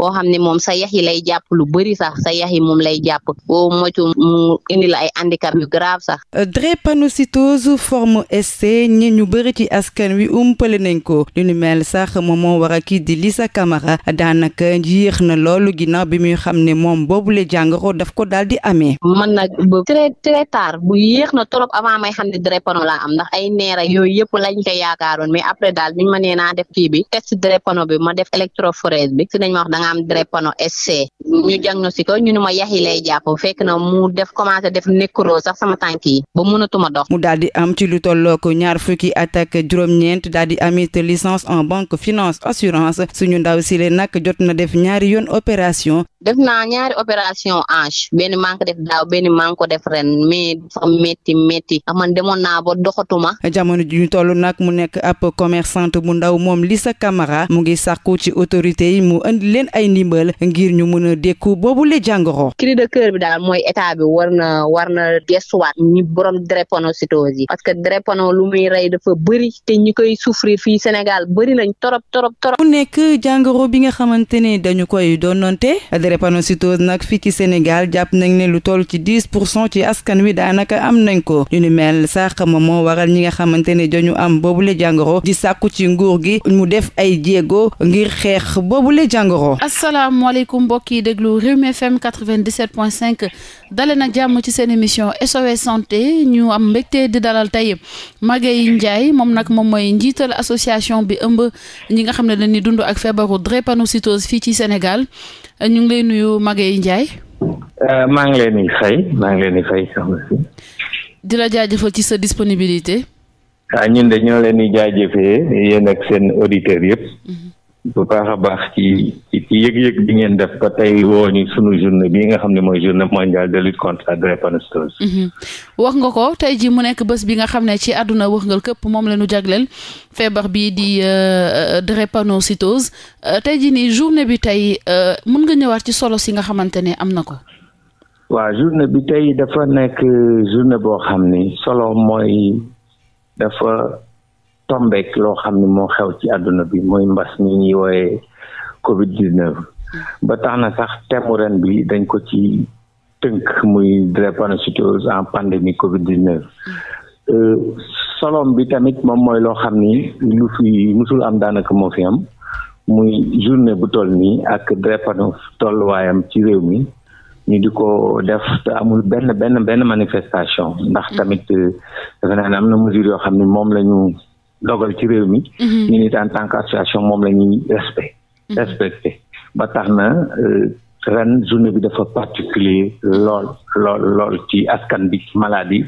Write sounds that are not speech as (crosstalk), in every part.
boo xam ne moom sa yax yi lay jàpp lu bëri sax sa yax yi moom lay jàpp boo moytu mu indi la ay handicap yu grave sax. drépanocytose forme SC ñi ñu bëri ci askan wi umpale nañ ko lu ni mel sax moom moo war a kii di Lisa Camara daanaka yéex na loolu ginnaaw bi muy xam ne moom boobule jàngoro daf ko dal di ame man nag ba très très bu yéex na trop avant may ma nee naa def kii bi test drépano bi ma def électrophorèse bi si dañ ma wax maanaam drépano SC ñu diagnostic ko ñu ne ma yaxi lay def commencé ba mënatuma dox. mu daal di am ci lu tollook ñaar fukki at ak na def ñaari yoon opération. def naa ñaari opération hanche benn maa ngi ko def daaw benn maa ngi ko def ren mais dafa métti métti ah, man demoon naa ba doxatuma. jamono ji ñu toll nag mu nekk ab commerçante bu ndaw moom Lissa Camara mu ngi sàkku ci autorité yi mu indi leen ay ndimbal ngir ñu mën a dékku boobule jàngoro. cri de cœur bi daal mooy état bi war na war na gestuwaat ñi borom drépanocytose yi parce que drépano lu muy rey dafa bëri te ñi koy souffrir fii Sénégal bëri nañ torop torop torop. mu nekk jàngoro bi nga xamante ne dañu koy donnante doonante drépanocytose nag fii ci Sénégal jàpp nañ ne lu toll ci dix pour cent ci askan wi daanaka am nañ ko ñu ni mel sax moom moo waral ñi nga xamante ne dañu am boobule jàngoro di sàkku ci nguur gi mu def a jéego asalaamaaleykum mbokk yi déglu Rewmi FM 97.5 dale nag jàmm ci seen émission SOS santé ñu am mbégte di dalal tey Magueye Ndiaye moom nag moom mooy njiital association bi ëmb ñi nga xam ne dañuy dund ak feebaru drépanocytose fii ci Sénégal ñu ngi lay nuyu Magueye Ndiaye. Euh, maa ngi leen di fay maa ngi leen di fay di la jaajëfal ci sa disponibilité. ah ñun de ñoo leen di jaajëfee yéen ak seen auditeurs yëpp. Mm-hmm. bu baax a baax ci yëg-yëg bi ngeen def ba tey woo ñu sunu journée bii nga xam ne mooy journée mondiale de lutte contre la drépanocytose. Mhm. wax nga ko tey jii mu nekk bés bi nga xam ne ci àdduna wërngal këpp moom leenu ñu jagleel feebar bii di euh, euh, drépanocytose euh, tey jii nii journée bi tey mën nga ñëwaat ci solo si nga xamante ne am na ko. waaw journée bi tey dafa nekk journée boo xam ni solo mooy dafa. tombeek loo xam ne moo xew ci àdduna bi mooy mbas mi ñuy wooyee covid 19 ba tax na sax thème ren bi dañ ko ci tënk muy drépanocytose en pandémie covid 19 euh, solom bi tamit moom mooy loo xam ni lu fi musul am daanaka moo fi am muy journée bu toll nii ak drépano tolluwaayam ci réew mi ñu di ko def te amul benn benn benn manifestation ndax tamit euh, defe naa ne am na mesure yoo xam ni moom lañu dogal ci réew mi. Mhm. ñu nit en tant que association moom la ñuy respect mhm. respecté ba tax na euh, ren journée bi dafa particulier lool lool lool ci askan bi ci maladie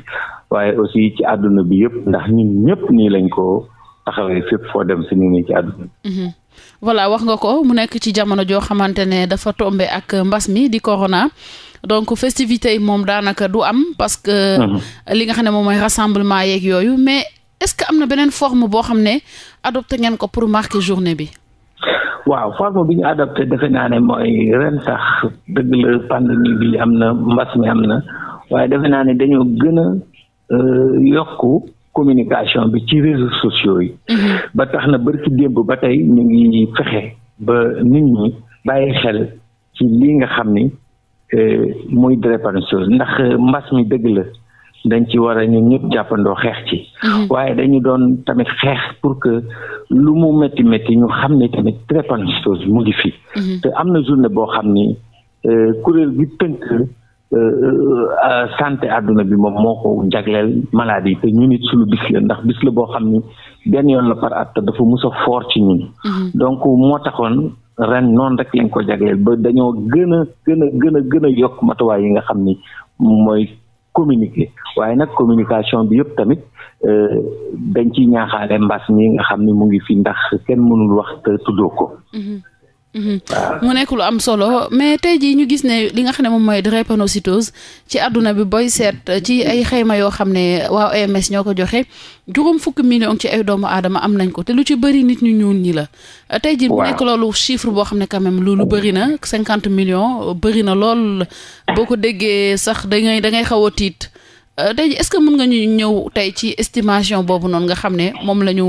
waaye aussi ci àdduna bi yëpp ndax ñun ñëpp nii lañ ko taxawee fépp foo dem si nii ci àdduna bi. Mhm. voilà wax nga ko mu nekk ci jamono joo xamante ne dafa tombe ak mbas mi di corona donc festivité yi moom daanaka du am parce que. li nga xam ne moom mooy rassemblement yeeg yooyu mais. est-ce que am na beneen forme boo xam ne adopté ngeen ko pour marquer journée bi. waaw forme bi ñu adopté defe naa ne mooy ren sax dëgg la pandémie bi am na mbas mi am na waaye defe naa ne dañoo gën a euh, yokku communication bi ci réseaux sociaux yi. Mm-hmm. ba tax na bërki démb ba tey ñu ngi fexe ba nit ñi bàyyi xel ci lii nga xam ni euh, mooy drépanocytose ndax mbas mi dëgg la. dañ ci war ñu ñun ñëpp jàppandoo xeex ci. Mhm. waaye dañu doon tamit xeex pour que lu mu métti métti ñu xam ne tamit drépanocytose mu ngi fi. Mhm. te am na journée boo xam ni euh, kuréel gi tënk euh, euh, santé àdduna bi moom moo ko jagleel maladie te ñu nit suñu bis la ndax bis la boo xam ni benn yoon la par at dafa musa foor ci ñun. Mhm. donc moo taxoon ren noonu rek lañ ko jagleel ba dañoo gën a gën a gën a gën a yokk matuwaay yi nga xam ni mooy. communiquer waaye nag communication bi yëpp tamit euh, dañ ci ñaaxaale mbas mi nga xam ni mu ngi fi ndax kenn mënul wax te tuddoo ko. Mhm. Mhm. Ah. mu nekk lu am solo mais tey jii ñu gis ne li nga xam ne moom mooy drépanocytose ci àdduna bi booy seet mm-hmm. ci ay xayma yoo xam ne waa OMS ñoo ko joxe juróom fukk million ci ay doomu aadama am nañ ko te lu ci bëri nit ñu ñuul ñi la. tey jii mu nekk loolu chiffre boo xam ne quand même lu lu bëri na cinquante millions bëri na lool boo ko déggee sax da ngay da ngay xaw a tiit. Euh, tey ji est-ce que mën nga ñu ñëw tey ci estimation boobu noonu nga xam ne moom la ñu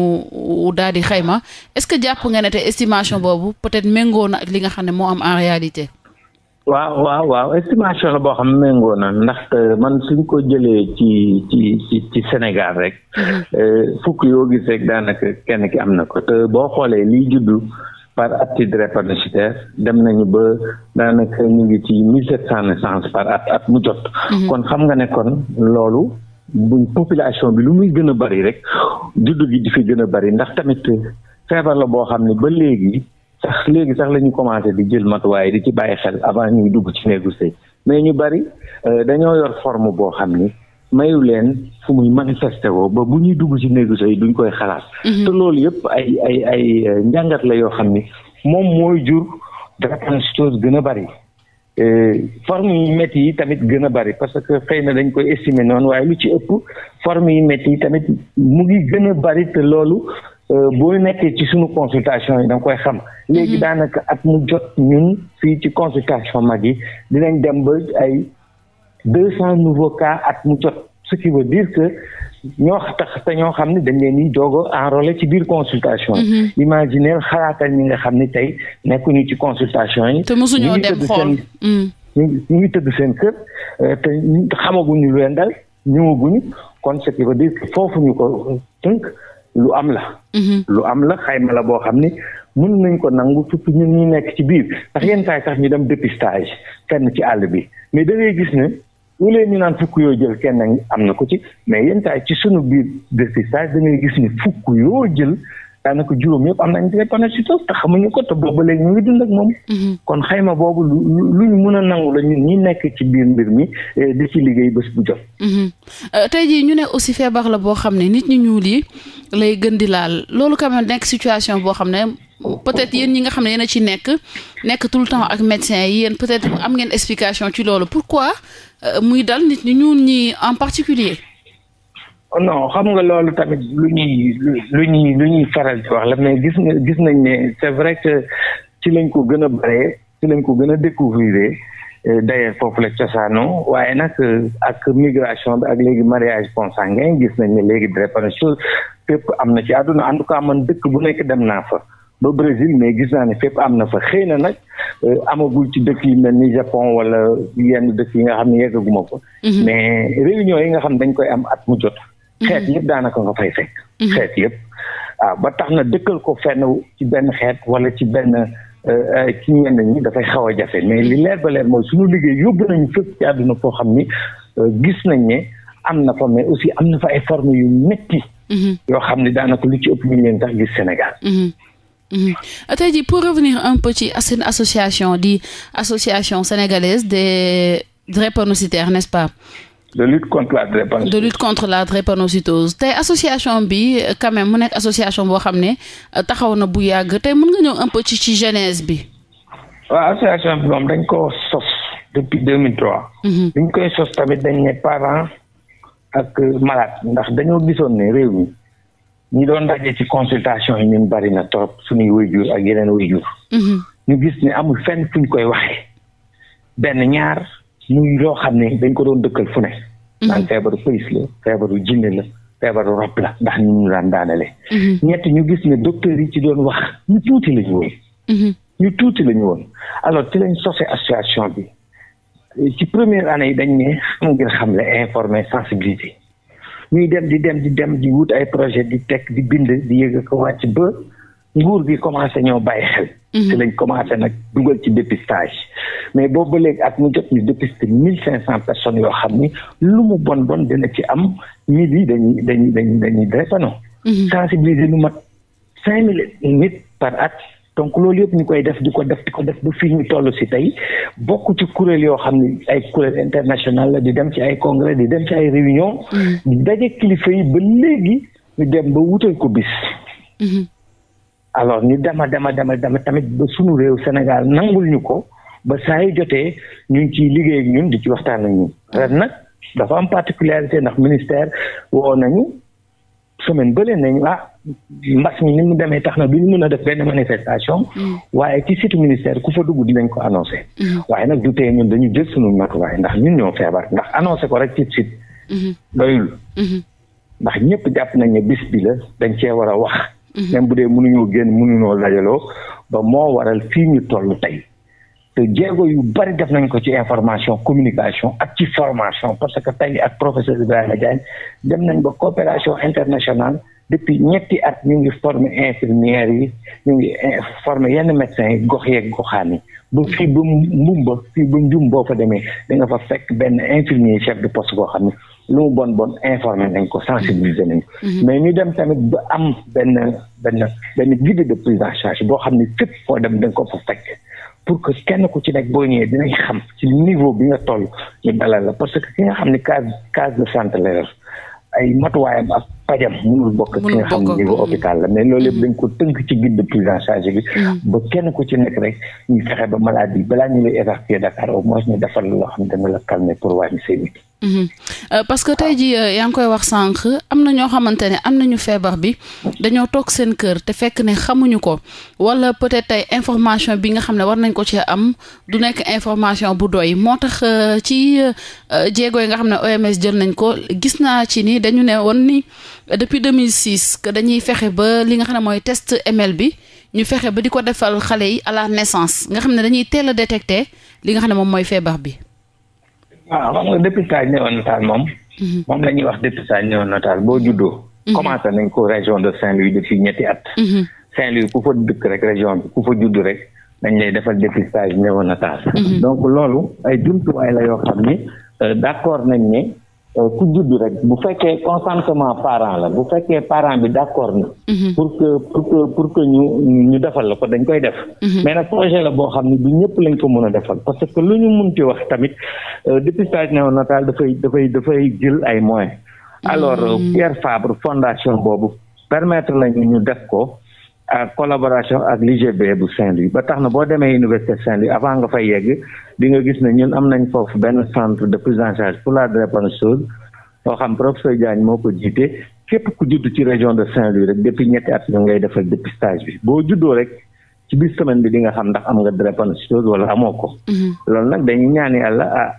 daal di xayma est-ce que jàpp nga ne te estimation boobu peut-être méngoo na ak li nga xam ne moo am en réalité. waaw waaw waaw estimation la boo xam ne méngoo na ndaxte man suñ ko jëlee ci ci ci Sénégal rek mm-hmm. euh, fukk yoo gis rek daanaka kenn ki am na ko te boo xoolee liy juddu par at titre répartititeur dem nañu ba daanaka ñu ngi ci mille sept cent naissances par at at mu jot. Mhm. kon xam nga nekkoon loolu. buñ population bi lu muy gën a bari rek juddu gi di fi gën a bari ndax tamit feebar la boo xam ne ba léegi sax léegi sax lañu ñu commencé di jël matuwaay di ci bàyyi xel avant ñuy dugg ci néegu sëy mais ñu bari euh, dañoo yor forme boo xam ni mayu leen fu muy manifesté woo ba bu ñuy dugg ci néegu sëy duñ koy xalaat. Mhm. te loolu yëpp ay ay ay euh, njàngat la yoo xam ni moom mooy jur drépanocytose gën a bari. Euh, forme yu métti yi tamit gën a bari parce que xëy na dañ koy estimer noonu waaye lu ci ëpp forme yu métti yi tamit mu ngi gën a bari te loolu euh, booy nekkee ci suñu consultation yi da koy xam. Mhm. léegi daanaka at mu jot ñun fii ci consultation mag yi dinañ dem ba ay. deux cent nouveaux cas at mu jot ce qui dire que ñoo tax te ñoo xam ne dañ leen di doog a ci biir consultation yi. Mm-hmm. imaginer xalaatal ñi nga xam ne tey nekkuñu ci consultation yi. te mosuñoo dem xool mm. ñu ngi tëdd seen kër euh, te xamaguñu lu leen dal ñëwaguñu kon ce qui veut dire que foofu ko tënk lu am la. Mm-hmm. lu am la xayma la boo xam ni mën nañ ko nangu surtout ñun ñu nekk ci biir ndax yenn saa sax ñu dem dépistage fenn ci àll bi mais da gis ne. léegi ñu naan fukk yoo jël kenn am na ko ci mais yenn ci sunu biir dépistage da ngay gis ni fukk yoo jël daanaka juróom yëpp am nañ ñu ngi dund moom. Mm-hmm. kon xayma boobu lu lu ñu mën a nangu la ñun nekk ci biir mbir mi eh, di ci liggéey bés bu jot. Mm-hmm. Euh, tey jii ñu ne aussi feebar la boo xam ne nit ñu ñuul yi lay gën di laal loolu quand nekk situation boo xam ne. peut-être yéen ñi nga xam ne yéen a ci nekk nekk tout le temps ak médecin yi yéen peut-être am ngeen explication ci loolu pourquoi euh, muy dal nit ñi ñuun ñi en particulier oh non xam nga loolu tamit lu lu lu ñuy faral di wax la mais gis nga gis nañ ne c'est vrai que ci lañ ko gën a bare ci lañ gën a découvrir euh, d'ailleurs foofu la cosaano waaye nag euh, ak migration bi ak léegi mariage consanguin gis nañ ne léegi drépanocytose fépp am na ci àdduna en tout cas man dëkk bu nekk dem naa fa ba Brésil mais gis naa ne fépp am na fa xëy na nag euh, amagul ci dëkk yi mel ni Japon wala yenn dëkk yi nga xam ne yeggaguma ko. Mhm. mais réunion yi nga xam dañ koy am at mu jot. Mhm. xeet yëpp daanaka nga fay fekk. Mhm. yëpp waaw ah, ba tax na dëkkal ko fenn ci benn xeet wala ci benn euh, ci ñenn ñi dafay xaw a jafe mais li leer mooy suñu liggéey yóbbu nañu ci àdduna foo xam ni euh, gis nañ ne am na fa mais aussi am na fa ay formes yu metti yoo xam ne daanaka lu ci ëpp ñu leen tax gis Sénégal. Mhm. Euh, tey jii pour revenir un peu ci association di association sénégalaise des drépanocytaires n'est-ce pas. de lutte contre la drépanocytose de lutte association bi quand même mu nekk association boo xam ne euh, taxaw na bu yàgg tey mën nga ñëw un peu ci ci bi. waaw association bi moom dañ ko sos depuis 2003. dañ mhm. koy sos tamit dañ ne parents ak malade ndax daño gisoon ne ñu doon daje ci consultation yi ñun bari na trop suñuy waajur ak yeneen waajur mhm. ñu gis ni amul fenn fuñ koy waxee benn ñaar muy loo xam ne dañ ko doon dëkkal fu ne mhm. naan feebaru pëlis la feebaru jinne la feebaru rab la ndax ñu ñu daan daanale mhm. ñett ñu gis ne docteur yi ci doon wax ñu tuuti lañu woon ñu tuuti lañu woon alors ci lañ sose association bi ci premier année yi dañ ne xam ngir xam le informer sensibiliser ñuy dem di dem di dem di wut ay projet di teg di bind di yëg ko wàcc ba nguur gi commencé ñoo bàyyi xel. Mhm. ci lañ commencé nag dugal ci dépistage mais boo ba léegi at mu jot ñu dépister mille cinq cent personnes yoo xam ni lu mu bon bon dina ci am nit yi dañu dañuy dañuy dañuy drépano mhm. sensibiliser lu mat cinq mille nit par at. donc loolu yëpp ñu koy def di ko def ko def ba fii ñu tollu si tey bokk ci kuréel yoo xam ne ay kuréel international la di dem ci ay congrès di dem ci ay réunion mm. di daje kilifa yi ba léegi ñu dem ba wutal ko bis mm-hmm. alors ñu dema dema dema dema tamit ba suñu réew Sénégal nangul ñu ko ba saa jotee ñu ngi ciy liggéey ñun di ci waxtaan ak ñun ren nag dafa am particularité ndax ministère woo nañu semaine bële nañu ah mbas mi ni mu demee tax na bi ñu mën a def benn manifestation mm. waaye ci site ministère ku fa dugg dinañ ko annoncé mm. waaye nag du tee ñun dañu jël sunu matuwaay ndax ñun ñoo feebar ndax annoncé ko rek ci site mm-hmm. doyul mm-hmm. ndax ñëpp jàpp nañ ne bis bi la dañ cee war a wax mm-hmm. même bu dee mënuñoo génn mënuñoo lajaloo ba moo waral fii ñu toll tey te jéego yu bari def nañ ko ci information communication ak ci formation parce que tey ak professeur Ibrahima Diagne dem nañ ba coopération internationale depuis ñetti at ñu ngi former infirmières yi ñu ngi eh, former yenn médecins yi gox yeeg goxaan yi ba fii ba mbumba fii ba njum boo fa demee da nga fa fekk benn yi chef de poste boo xam ne lu mu bon bon informer nañ ko sensibiliser nañ mhm. Mhm. mais ñu dem tamit ba am benn benn benn guide de prise en charge boo xam ne fépp foo dem da nga ko fa fekk pour que kenn ku ci nekk boo ñëwee dinañ xam ci niveau bi nga toll ñu dalal la parce que ki nga xam ne case case de santé la ay matuwaayam a fajam mënul bokk ki nga xam ne niveau hôpital la mais loolu yëpp dañ ko tënk ci guide de prise en charge bi mm. ba kenn ku ci nekk rek ne dana mm-hmm. euh, parce que tey jii euh, yaa ngi koy wax sànq am na ñoo xamante ne am nañu feebar bi dañoo toog seen kër te fekk ne xamuñu ko wala peut-être tey information bi nga xam ne war nañ ko ci am du nekk information bu doy moo tax euh, ci jéego yi nga xam ne OMS jël nañ ko gis naa ci ni dañu ne woon ni depuis 2006 que dañuy fexe ba li nga xam ne mooy test ML bi ñu fexe ba di ko defal xale yi à la naissance nga xam ne dañuy teel a détecté li nga xam ne moom mooy feebar bi. waaw xam nga dépistage néonatal moom. Mhm. moom la ñuy wax dépistage néonatal boo juddoo. Mhm. commencé nañ ko région de Saint-Louis depuis ñetti at. Mhm. Saint-Louis ku fa dëkk rek région bi ku fa judd rek dañ lay defal dépistage néonatal. donc loolu ay jumtuwaay la yoo xam ni euh, d'accord nañ ne. ku euh, judd rek bu fekkee consentement parent la bu fekkee parent bi d'accord na. Mhm. pour que pour que pour que ñu ñu defal la ko dañ koy def. Mhm. mais nag projet la boo xam ne du ñëpp lañ ko mën a defal parce que lu ñu mën ci wax tamit euh, dépistage néonatal dafay dafay dafay jël ay moyens. alors mhm. Pierre Fabre fondation boobu permettre lañu ñu def ko. ak collaboration ak l'UGB bu Saint-Louis ba tax na boo demee université Saint-Louis avant nga fay yegg di nga gis ne ñun am nañ foofu benn centre de prise en charge pour la drépanocytose boo xam professeur Diagne moo ko jiite képp ku judd ci région de Saint-Louis rek depuis ñetti at ñu ngay defal dépistage bi boo juddoo rek ci biir semaine bi di nga xam ndax am nga drépanocytose wala amoo ko. Mhm. loolu nag dañuy ñaan yàlla ah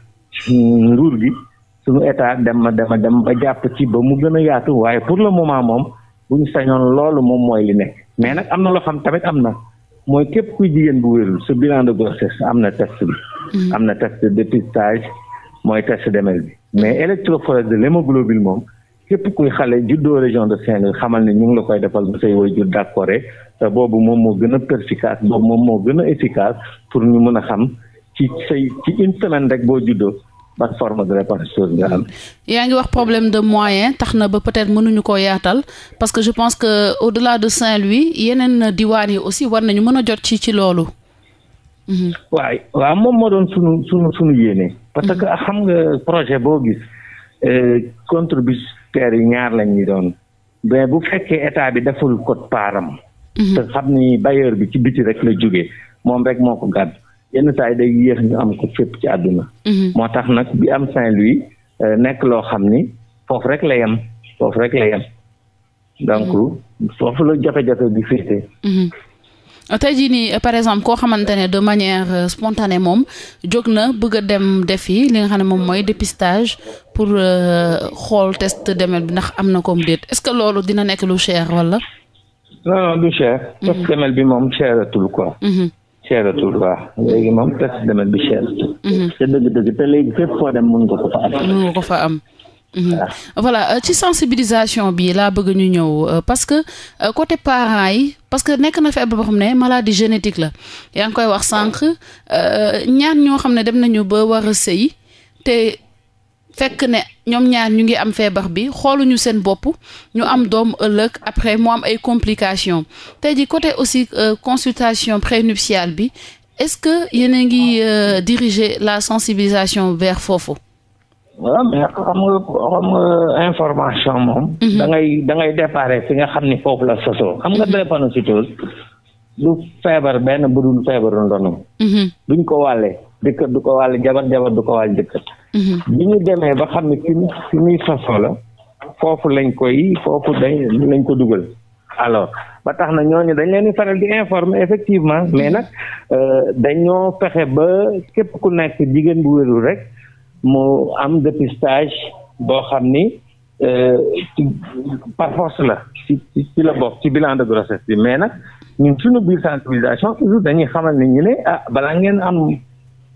nguur gi suñu état dem ma dem dem ba jàpp ci ba mu gën a yaatu waaye pour le moment moom bu ñu sañoon loolu moom mooy li nekk. mais nag am na loo xam tamit am na mooy képp kuy jigéen bu wérul su bilan de grossesse am na test bi. Mm. am na test de dépistage mooy test demel bi mais électrophorèse de l'hémoglobine moom képp kuy xale juddoo région de Saint-Louis xamal ne ñu ngi la koy defal ba say waajur d'accord te boobu moom moo gën a perspicace boobu moom moo gën a efficace pour ñu mën a xam ci sey ci une semaine rek boo juddoo. ban forme de répartition nga am. yaa ngi wax problème de moyen tax na ba peut koo yaatal parce que je pense que au-delà de Saint-Louis yeneen diwaan yi aussi war nañu mën a jot ci ci loolu. Mhm. waaw waa moom moo doon sunu sunu sunu yéene. parce mhm. que ah, xam nga projet boo gis euh, contributeurs yi ñaar lañ ñu doon. mais bu fekkee état bi deful code param mhm. te xam ni bailleur bi ci biti rek la jógee moom rek moo ko gàdd. yenn saa yi day yéex ñu am ko fépp ci àdduna. Mhm. moo tax nag bi am Saint-Louis euh, nekk loo xam ni foofu rek la yem foofu rek yem donc mhm. foofu la jafe-jafe bi féete. Mhm. tey jii nii par exemple koo xamante ne de manière euh, spontanée moom jóg na bëgg a dem def yi li nga xam ne moom mooy dépistage pour euh, xool test demel bi ndax am na comme déet est-ce que loolu dina nekk lu cher walla. non non du demel bi moom cheratul quoi. seeratul waaw léegi moom perte demel bi cher. Mhm. te dëgg-dëgg te léegi fépp foo dem mun nga ko fa am. Mhm. Ah. voilà euh, ci sensibilisation bi laa bëgg ñu ñëw euh, parce que euh, côté parents yi parce que nekk na feebar boo xam ne maladie génétique la yaa ngi koy wax sànq ñaan ñoo xam ne dem nañu ba war a sëy te fekk ne ñoom ñaar ñu ngi am feebar bi xooluñu seen bopp ñu am doom ëllëg après mu am ay complications tey ji côté aussi euh, consultation prénuptiale bi est-ce que yéen a ngi euh, diriger la sensibilisation vers foofu. waaw mais xam nga information moom. Mhm. da ngay da déparé fi nga xam ni foofu la sosoo. xam nga mhm. drépanocytose du feebar benn bu dul feebaru ndono. Mhm. duñ ko wàllee. jëkkër du ko wàll jabar jabar du ko wàll jëkkër mhm. bi ñu demee ba xam ne fi fi muy sosoo la foofu lañ koy foofu dañ lañ ko dugal alors ba tax na ñooñu dañ leen di faral di informer effectivement mhm. mais nag euh, dañoo fexe ba képp ku nekk jigéen bu wérul rek mu am dépistage boo xam ni euh, ci par force la ci la bokk ci bilan de grossesse bi mais nag ñun suñu biir sensibilisation toujours dañuy xamal ni ah balaa ngeen am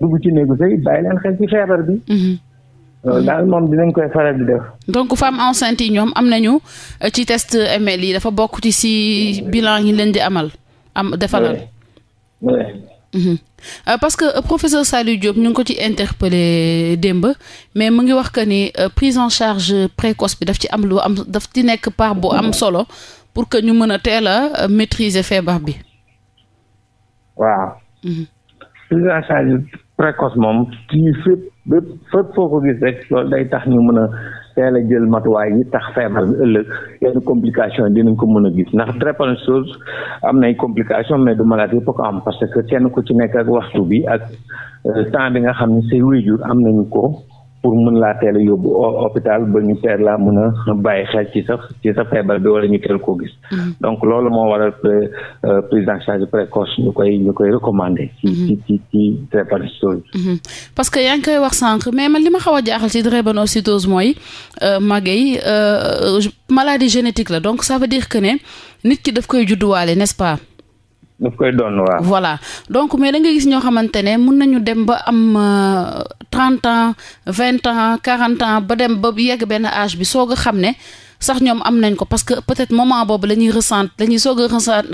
dugg ci néegu sëy bàyyi leen xel ci feebar bi. Mhm. Euh, mhm. daal moom nañ koy faral di def. donc femme enceinte yi ñoom am nañu euh, ci test ML yi dafa bokk ci si bilan yi leen di amal am defalal. Mhm. Euh, parce que professeur Saliou Diop ñu ngi ko ci interpellé démb mais mu ngi wax que ni prise en charge précoce bi daf ci am lu am daf ci nekk part bu am solo pour que ñu mën a teel a maîtriser feebar bi. waaw. précoce moom ci fépp bépp foo ko gis rek loolu day tax ñu mën a teel a jël matuwaay yi tax feebar bi ëllëg yenn complication dinañ ko mën a gis ndax très bonne chose am nay complication mais du malade yëpp ko am parce que kenn ko ci nekk ak waxtu bi ak euh, temps bi nga xam ne say wéyjur am nañu ko pour mën laa teel a yóbbu hôpital ba ñu teel laa mën a bàyyi xel ci sa ci sa feebar bi wala ñu teel koo gis. Mm-hmm. donc loolu moo waral euh, prise en charge précoce ñu koy ñu koy recommander. Mm-hmm. Mm-hmm. parce que yaa ngi koy wax sànq mais man li ma xaw a jaaxal ci drépanocytose mooy euh, màgge yi euh, maladie génétique la donc ça veut dire que ne nit ki daf koy judduwaale nest pas. daf koy doon waaw. voilà donc mais da nga gis ñoo xamante ne mun nañu dem ba am euh, trente ans vingt ans quarante ans ba dem ba yegg benn age bi soog a xam ne sax ñoom am nañ ko parce que peut-être moment boobu la ñuy ressent la ñuy soog a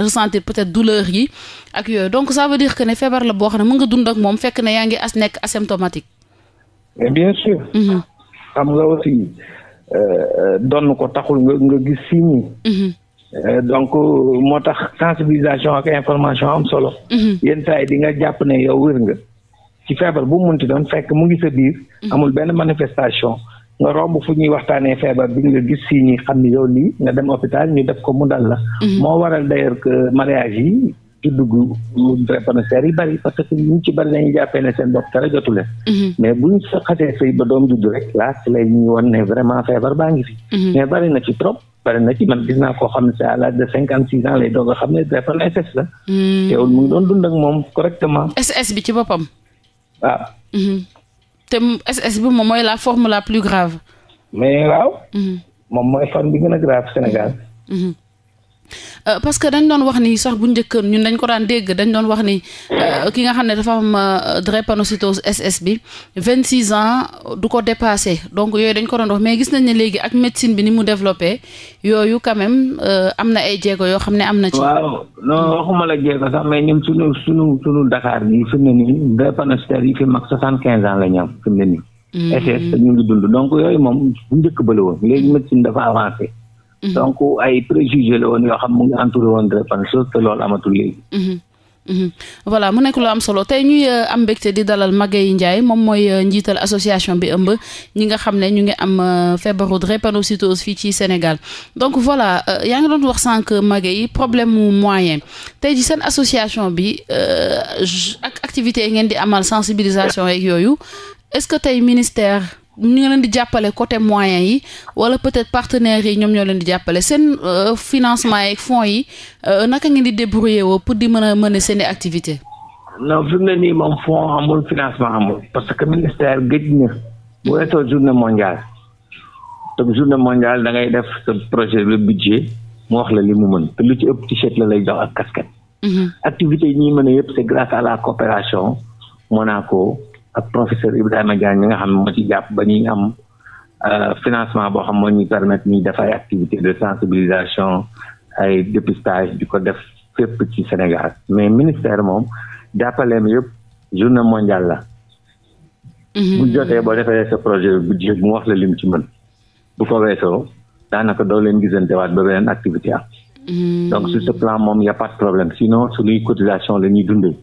ressentir peut-être douleur yi ak yooyu donc ça veut dire que ne feebar la boo xam ne mën nga dund ak moom fekk na yaa ngi as nekk asymptomatique. et bien sûr. Mm-hmm. xam nga aussi euh, euh, donn ko taxul nga nga gis signe. Mm-hmm. Euh, donc moo tax sensibilisation ak information am solo. Mhm. yenn saa di nga jàpp ne yow wér nga ci feebar bu mu munti doon fekk mu ngi sa biir. Mhm. amul benn manifestation. nga romb fu ñuy waxtaanee feebar bi nga gis si ñi xam ni yow lii nga dem hôpital ñu def ko mu dal la. Mhm. moo waral d'ailleurs que mariage yi ci dugg drépanocytaires yi bari parce que ñu ci bari dañuy jàppee ne seen bopp dara jotu leen. mais buñ sa xasee sëy ba doom juddu rek laas lay ñuy wan ne vraiment feebar baa ngi fi. mais bari na ci trop. pare na ci man gis naa koo xam ne c'est à l'âge de cinquante six ans lay doog a xam ne defal SS la. Hmm. teewul mu ngi doon dund moom correctement. SS bi ci boppam. waaw. Ah. Hmm. te SS bi moom mooy la forme la plus grave. mais waaw. Hmm. moom mooy forme bi gën a grave Sénégal. Euh, parce que dañ doon wax ni sax bu njëkk ñun dañ ko daan dégg dañ doon wax ni euh, ki nga xam ne dafa am euh, drépanocytose SS bi vingt six ans du ko dépassé donc yooyu dañ ko doon wax mais gis nañ ne léegi ak médecine bi ni mu développé yooyu quand même am na ay jéego yoo xam ne am na ci waaw non waxuma la jéego sax mais suñu suñu bi yi fi mag soixante quinze ans la ñu am fi mu ne hmm. donc yooyu moom bu njëkk ba la woon léegi médecine dafa avancé Mm-hmm. donc ay préjugé la woon yoo xam mu ngi entouré woon de réponses te loolu amatul léegi. Mm-hmm. Mm-hmm. voilà mu nekk lu am solo tey ñuy euh, am mbégte di dalal yi Ndiaye moom mooy euh, njiital association bi ëmb ñi nga xam ne ñu ngi am euh, feebaru drépanocytose fii ci Sénégal donc voilà yaa ngi doon wax sànq yi problème mu moyen tey seen association bi ak activité yi ngeen di amal sensibilisation yeeg yooyu est-ce que tey ministère. ñu ngi leen di jàppale côté moyen yi wala peut-être partenaires yi ñoom ñoo leen di jàppale seen euh, financement yeeg fonds yi euh, naka ngeen di débrouiller woo pour di mën a mën a seen i activité non fi nii moom fonds amul financement amul parce que ministère géej na bu weesoo journée mondiale donc journée mondiale da ngay def sa projet le budget mu wax la li mu mën te lu ci ëpp t-shirt la lay jox ak casquette mhm. activité yi ñuy mën a grâce à la coopération Monaco ak professeur Ibrahima Diagne mi nga xam ne ci jàpp ba ñuy am euh, financement boo xam moo ñuy permettre ñuy def ay activités de sensibilisation ay dépistage di ko def fépp ci Sénégal mais ministère moom jàppaleem yëpp journée mondiale la. Mhm. bu jotee boo defee sa projet budget mu wax la lim ci mën bu ko weesoo daanaka doo leen gisante waat ba beneen activité am. Mhm. donc sur ce plan moom y' a pas de problème sinon suñuy cotisation la ñuy dundee.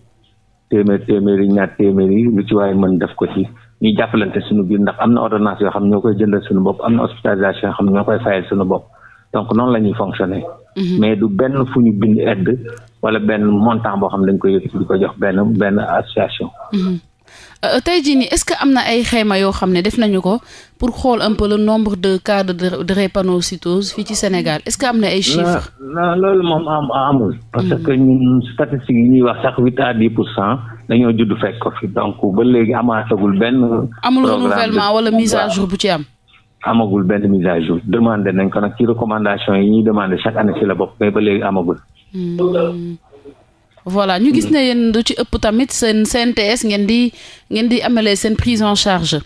téeméer téeméer yi ñaar téeméer yi lu ci waaye man def ko ci ñuy jàppalante suñu biir ndax am na ordonnance yoo xam ñoo koy jëndal suñu bopp am na hospitalisation yoo xam ñoo koy fayal suñu bopp donc noonu la ñuy fonctionner. Mm-hmm. mais du benn fu ñu bind aide wala benn montant boo xam dañ koy yëg di ko jox benn benn association. Mm-hmm. Euh, tey jii nii est-ce que am na ay xayma yoo xam ne def nañu ko pour xool un peu le nombre de cas de drépanocytose fii ci Sénégal est-ce que am na ay chiffres. non loolu moom am amul. parce mm. que ñun statistiques yi ñuy wax sax huit à dix pour cent dañoo judd fekk ko fi donc ba léegi amaatagul benn. amul renouvellement wala mise à bu ci am. amagul benn mise à jour demandé nañ ko nag ci recommandation yi ñuy demandé chaque année ci la bopp mais ba léegi amagul. Hmm. voilà ñu gis ne mm. yéen du ci ëpp tamit seen CNTS ngeen di ngeen di amalee seen prise en charge.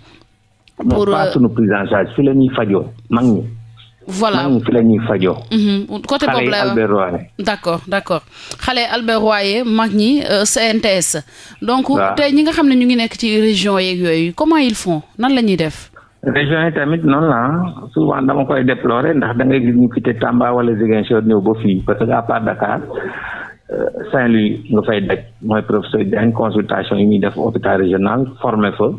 pour pas euh, sunu fi la fajoo mag ñi. voilà mag ñi fi la fajoo. Mm-hmm. côté boobu la xale Albert Royer. d' accord d' accord xale Albert Royer mag ñi euh, CNTS. donc te ñi nga xam ne ñu ngi nekk ci région yeeg yooyu comment il font nan la ñuy def. région yi tamit noonu la souvent dama koy déplorer ndax da ngay gis ñu quitté Tamba wala Ziguinchor ñëw ba fii parce que à part Dakar. Euh, Saint-Louis nga fay daj mooy professeur Diagne consultation yi ñuy def hôpital régional formé fa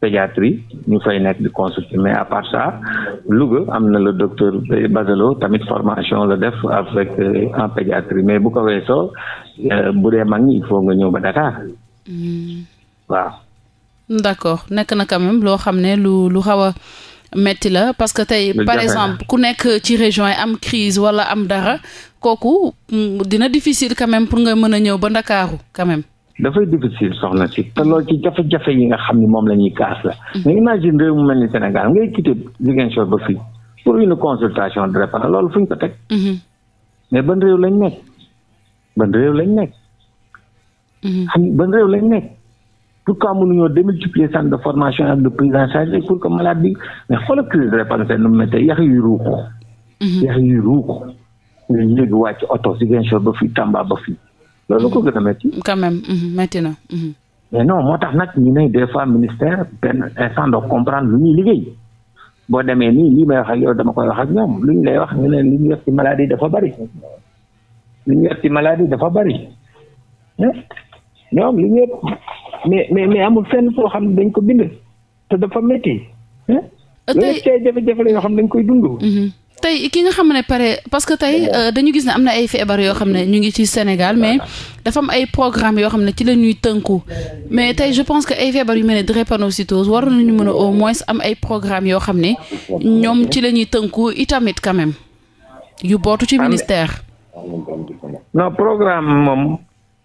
pédiatrie ñu fay nekk di consulter mais à part ça Louga am na le docteur Bazalo tamit formation la def avec euh, en pédiatrie mais bu ko weesoo euh, bu dee mag ñi il faut nga ñëw ba Dakar hmm. waaw. d'accord nekk na quand loo xam ne lu lu xaw metti la parce que tey par exemple ku nekk ci région yi am crise wala am dara kooku mm, dina difficile quand pour nga mën a ñëw ba ndakaaru quand même dafay difficile soxna ci te loolu ci jafe-jafe yi nga xam ni moom la ñuy kaas la mm-hmm. mais imagine réew mu mel ni Sénégal ngay quitté Ziguinchor ba fii pour une consultation de référence loolu fu ñu ko teg mm-hmm. mais ban réew lañ nekk ban réew lañ nekk mm-hmm. xam ban réew lañ nekk pourquoi mënuñoo démultiplier centre de formation ak de prise en charge pour que malade mais xoolal crise de nu mu métte yax yuy ruu ko mhm. yax ñu léegi wàcc oto Ziguinchor ba fi Tamba ba fi loolu ko gën a métti quand même mhm, métti na mhm. mais non moo tax nag ñu ne des fois ministère benn instant doo comprendre lu ñuy liggéey boo demee nii lii may wax ak yow dama koy wax ñoom lu ñu lay wax ñu ne li ñu yor ci maladie dafa bari li ñu yor ci maladie dafa bari mais mais mais amul fenn foo xam ne dañ ko bind te dafa métti. Euh, tey yoo xam ne dañ koy dund. Mhm. tey ki nga xam ne pare parce que tey euh, dañu gis ne am na ay feebar yoo xam ne ñu ngi ci Sénégal mais dafa am ay programme yoo xam ne ci la ñuy tënku mais tey je pense que ay feebar yu mel ne drépanocytose war nañu mën a au moins am ay programme yoo xam ne ñoom ci la ñuy tënku itamit quand même yu bootu ci ministère. non programme moom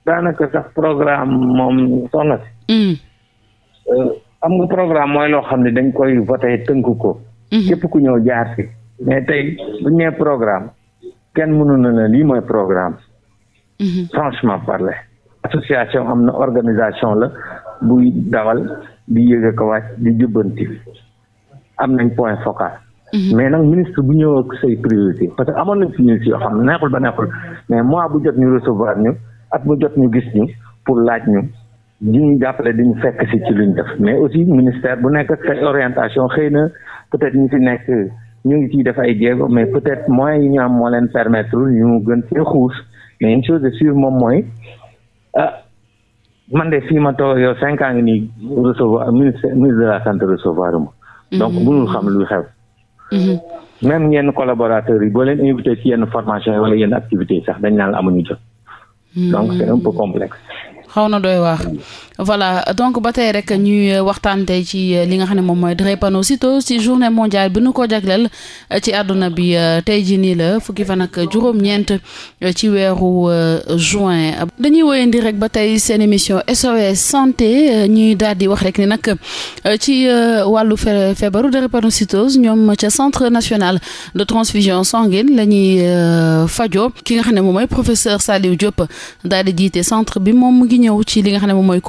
daanaka sax programme moom soxna si. Mm. Euh, am nga programme mooy loo xam ne dañ koy voté tënk ko. Mm-hmm. képp ku ñëw jaar si. mais tey bu ñu programme kenn mënu na lii mooy programme. Mm-hmm. franchement parler. am na organisation la buy dawal di yëge ko wàcc di jubbanti am nañ point focal. Mm-hmm. mais nag ministre bu ñëw ak say priorité parce que amoon nañ fi ñu si yoo xam ne neexul ba neexul mais mois bu jot ñu recevoir ñu. at mu jot ñu gis ñu pour laaj ñu di ñu jàppale di ñu fekk si ci luñ def mais aussi ministère bu nekk ak orientation xëy na peut-être ñu fi nekk ñu ngi ciy def ay jéego mais peut-être moyens yi ñu am moo leen permettre ñu mu gën see xuus mais une chose de sûre moom mooy ah man de fii ma toog yow cinq ans ngi nii recevoir ministre ministre de la santé recevoir ma. Mm-hmm. donc mënul xam lu xew. Mm-hmm. même yenn collaborateurs yi boo leen invité ci yenn formation yi wala yenn activités sax dañ naan la amuñu Donc, c'est un peu hmm. complexe. xaw na doy waax voilà donc ba tey rek ñuy waxtaan tey ci euh, li nga xam ne moom mooy drépanocytose ci journée mondiale bi nu ko jagleel euh, ci àdduna bi euh, tey jii nii la fukki fan ak juróom-ñeent ci weeru juin. dañuy wéyandi rek ba tey seen émission SOS santé ñuy daal di wax rek ni nag ci wàllu feebaru drépanocytose ñoom ca centre national de transfusion sanguine la fajoo ki nga xam ne moom mooy professeur Saliou Diop daal jiite centre bi moom mu ngi ñëw ci li nga xam ne moom mooy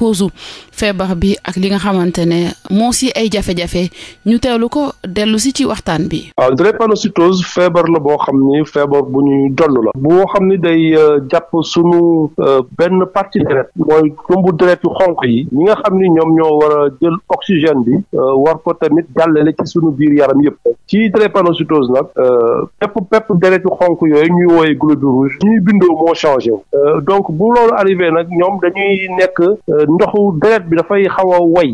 feebar bi ak li nga xamante ne moo si ay jafe-jafe ñu teelu ko dellu si ci waxtaan bi. waaw drépanocytose feebar la boo xam ni feebar bu ñuy donn la. boo xam ni day euh, jàpp sunu euh, benn partie deret mooy tumbu deret yu xonq yi. ñi nga xam ni ñoom ñoo war a jël oxygène bi euh, war ko tamit jàllale ci sunu biir yaram yëpp. ci drépanocytose nag pepp pepp deret yu xonq yooyu ñuy wooye globules rouges ñuy bindoo moo changé donc bu loolu arrivé nag ñoom dañuy nekk bi dafay xaw a way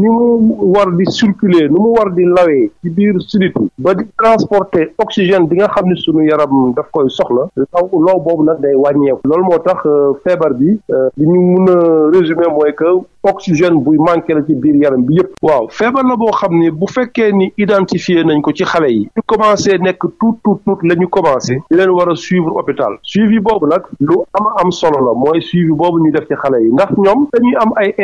ni mu war di circuler nu mu war di lawee ci biir silitu ba di transporter oxygène bi nga xam ni suñu yaram daf koy soxla law law boobu nag day wàññeeku loolu moo tax euh, feebar bi euh, li ñu mun a résumer mooy que oxygène buy manqué la ci biir yaram bi yépp waaw feebar la boo xam ni bu fekkee ni identifier nañ ko ci xale yi ñu commencé nekk tout tout tout la ñu commencé di leen war a suivre hôpital suivi boobu nag lu am am solo la mooy suivi boobu ñu def ci xale yi ndax